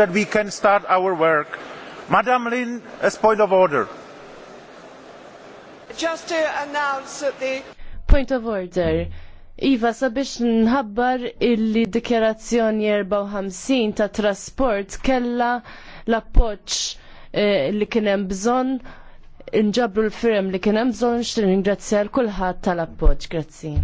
that we can start our work. Madam Lin, a point of order. Just to announce that the... Point of order. Iva, sabiex nħabbar illi dikjerazzjoni 54 ta' trasport kella l-appoċ eh, li kienem bżon nġabru l-firm li kienem bżon xtin ringrazzja l-kulħat tal-appoċ. Grazzi.